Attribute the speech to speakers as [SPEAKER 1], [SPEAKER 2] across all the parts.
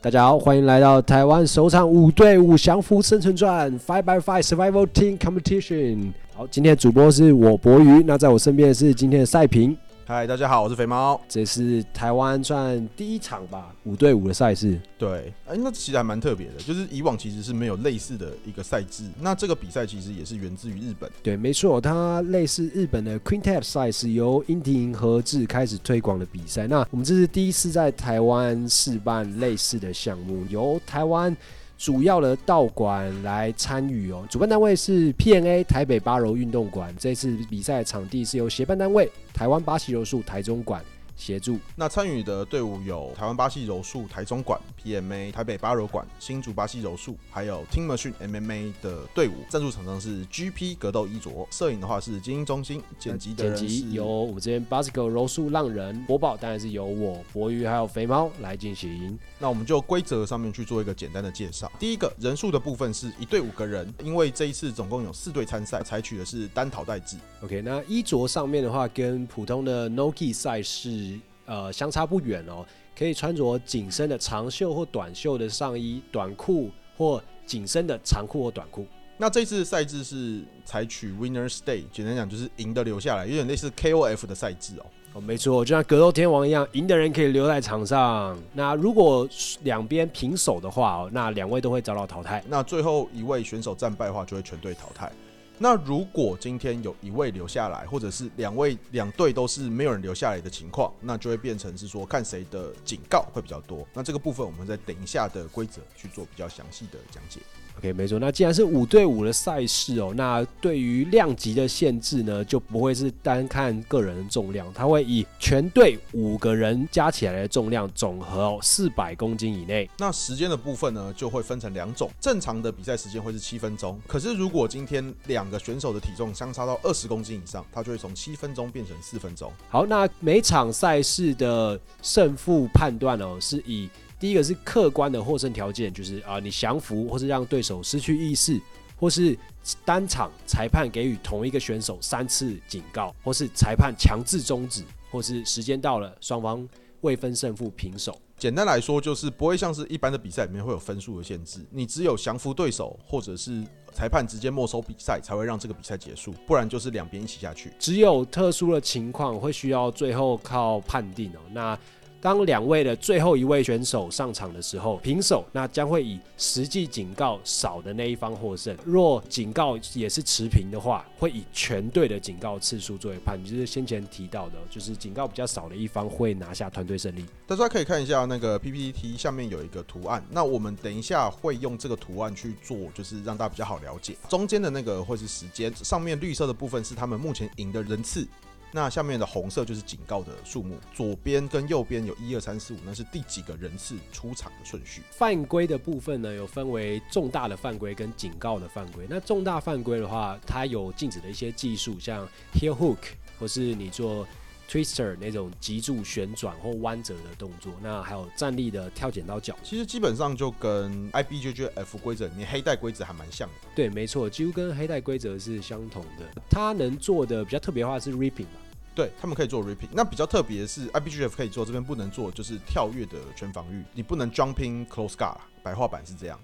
[SPEAKER 1] 大家好，歡迎來到台灣首場五對五降伏生存戰 （Five by Five Survival Team Competition）。好，今天主播是我博瑜，那在我身邊是今天的賽評。
[SPEAKER 2] 嗨，Hi, 大家好，我是肥貓。這是台灣算第一場吧，五對五的賽事。對，哎、欸，那其實還蠻特別的，就是以往其實是沒有類似的一個賽制。那這個比賽其實也是源自於日本。
[SPEAKER 1] 對，沒錯。哦，它類似日本的 Quintet 賽事，由櫻庭和志開始推廣的比賽。那我們這是第一次在台灣試辦類似的項目，由台灣。主要的道館來參與哦，主辦單位是 PMA 台北巴柔運動館，
[SPEAKER 2] 這次比賽場地是由協辦單位台灣巴西柔術台中館。協協助，那參與的隊伍有台灣巴西柔術台中館 PMA 台北巴柔館、新竹巴西柔術，還有 Team Machine MMA 的隊伍。贊助廠商是 GP 格鬥衣着，攝影的話是菁英中心，剪輯的剪輯由我們這邊巴西格柔術浪人播報，當然是由我博魚還有肥貓來進行。那我們就規則上面去做一個簡單的介紹。第一個人數的部分是一隊五個人，因為這一次總共有四隊參賽，採取的是單淘汰制。OK，那衣着上面的話，跟普通的 Noki 賽事。呃，相
[SPEAKER 1] 差不遠哦，可以穿着緊身的長袖或短袖的上衣，短褲
[SPEAKER 2] 或緊身的長褲或短褲。那這次賽制是採取 Winner Stay，簡單講就是贏的留下來，有點類似 KOF 的賽制哦。哦，哦，沒錯，就像格鬥天王一樣，贏
[SPEAKER 1] 的人可以留在場上。那如果兩邊平手的話，哦，那兩位都會
[SPEAKER 2] 遭到淘汰。那最後一位選手戰敗的話，就會全隊淘汰。那如果今天有一位留下來，或者是兩位兩隊都是沒有人留下來的情況，那就會變成是說看誰的警告會比較多。那這個部分，我們再等一下的規則去做比較詳細的講
[SPEAKER 1] 解。OK，沒錯。那既然是五對五的賽事哦，那對於量級的限制呢，就不會是單看個人的重量，它會以全隊五個人
[SPEAKER 2] 加起來的重量總和哦，四百公斤以內。那時間的部分呢，就會分成兩種，正常的比賽時間會是七分鐘。可是如果今天兩個選手的體重相差到二十公斤以上，它就會從七分鐘變成四分鐘。
[SPEAKER 1] 好，那每場賽事的勝負判斷哦，是以。第一個是客觀的獲勝條件，就是啊、呃，你降服或是讓對手失去意識，或是單場裁判給予同一個選
[SPEAKER 2] 手三次警告，或是裁判強制終止，或是時間到了，雙方未分勝負平手。簡單來說，就是不會像是一般的比賽裡面會有分數的限制，你只有降服對手，或者是裁判直接沒收比賽，才會讓這個比賽結束，不然就是兩邊一起下去。只有特殊的情況會需要最後靠判定哦。那
[SPEAKER 1] 當兩位的最後一位選手上場的時候，平手那將會以實際警告少的那一方獲勝。若警告也是持平的話，會以全
[SPEAKER 2] 隊的警告次數作為判。就是先前提到的，就是警告比較少的一方會拿下團隊勝利。大家可以看一下那個 PPT 下面有一個圖案，那我們等一下會用這個圖案去做，就是讓大家比較好了解。中間的那個會是時間，上面綠色的部分是他們目前贏的人次。那下面的紅色就是警告的數目，左邊跟右邊有一二三四五，那是第幾個人次出場的順序。
[SPEAKER 1] 犯規的部分呢，有分為重大的犯規跟警告的犯規。那重大犯規的話，它有禁止的一些技術，像 heel hook 或是你做。Twister 那種脊柱旋轉或彎
[SPEAKER 2] 折的動作，那還有站立的跳剪刀腳，其實基本上就跟 IBJJF 規則裡面黑帶規則還蠻像的。對，沒錯，幾乎跟黑帶規則是相同的。他能做的比較特別的話是 reaping 吧？對，他們可以做 reaping。那比較特別的是 IBJJF 可以做，這邊不能做，就是跳躍的全防禦，你不能 jumping close guard，白話版是這樣。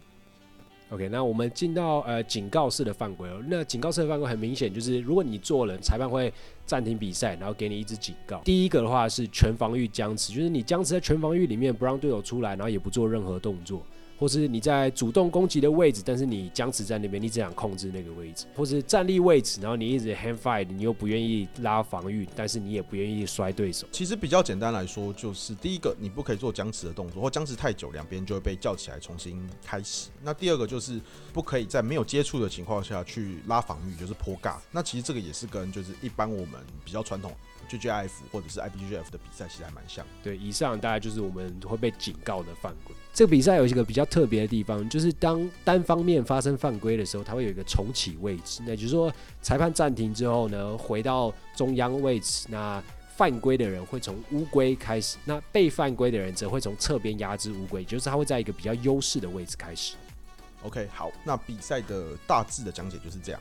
[SPEAKER 2] OK，那我們進到呃警告式的犯規了。那警告式的犯規很明顯就是，如果你
[SPEAKER 1] 做了，裁判會暫停比賽，然後給你一支警告。第一個的話是全防禦僵持，就是你僵持在全防禦裡面，不讓隊友出來，然後也不做任何動作。或是你在主動攻擊的位置，但是你僵持在那邊，你只想控制那個位置，或是站立位置，然後你一直 hand
[SPEAKER 2] fight，你又不願意拉防禦，但是你也不願意摔對手。其實比較簡單來說，就是第一個你不可以做僵持的動作，或僵持太久，兩邊就會被叫起來重新開始。那第二個就是不可以在沒有接觸的情況下去拉防禦，就是頗尬。那其實這個也是跟就是一般我們比較傳統。G G F 或者是 I B G F 的比賽其實還蠻像。對，以上大概就是我們會被警告的犯規。
[SPEAKER 1] 這個比賽有一個比較特別的地方，就是當單方面發生犯規的時候，它會有一個重啟位置。那就是說，裁判暫停之後呢，回到中央位置。那犯規的人會從烏龜開始，那
[SPEAKER 2] 被犯規的人則會從側邊壓制烏龜，就是他會在一個比較優勢的位置開始。OK，好，那比賽的大致的講解就是這樣。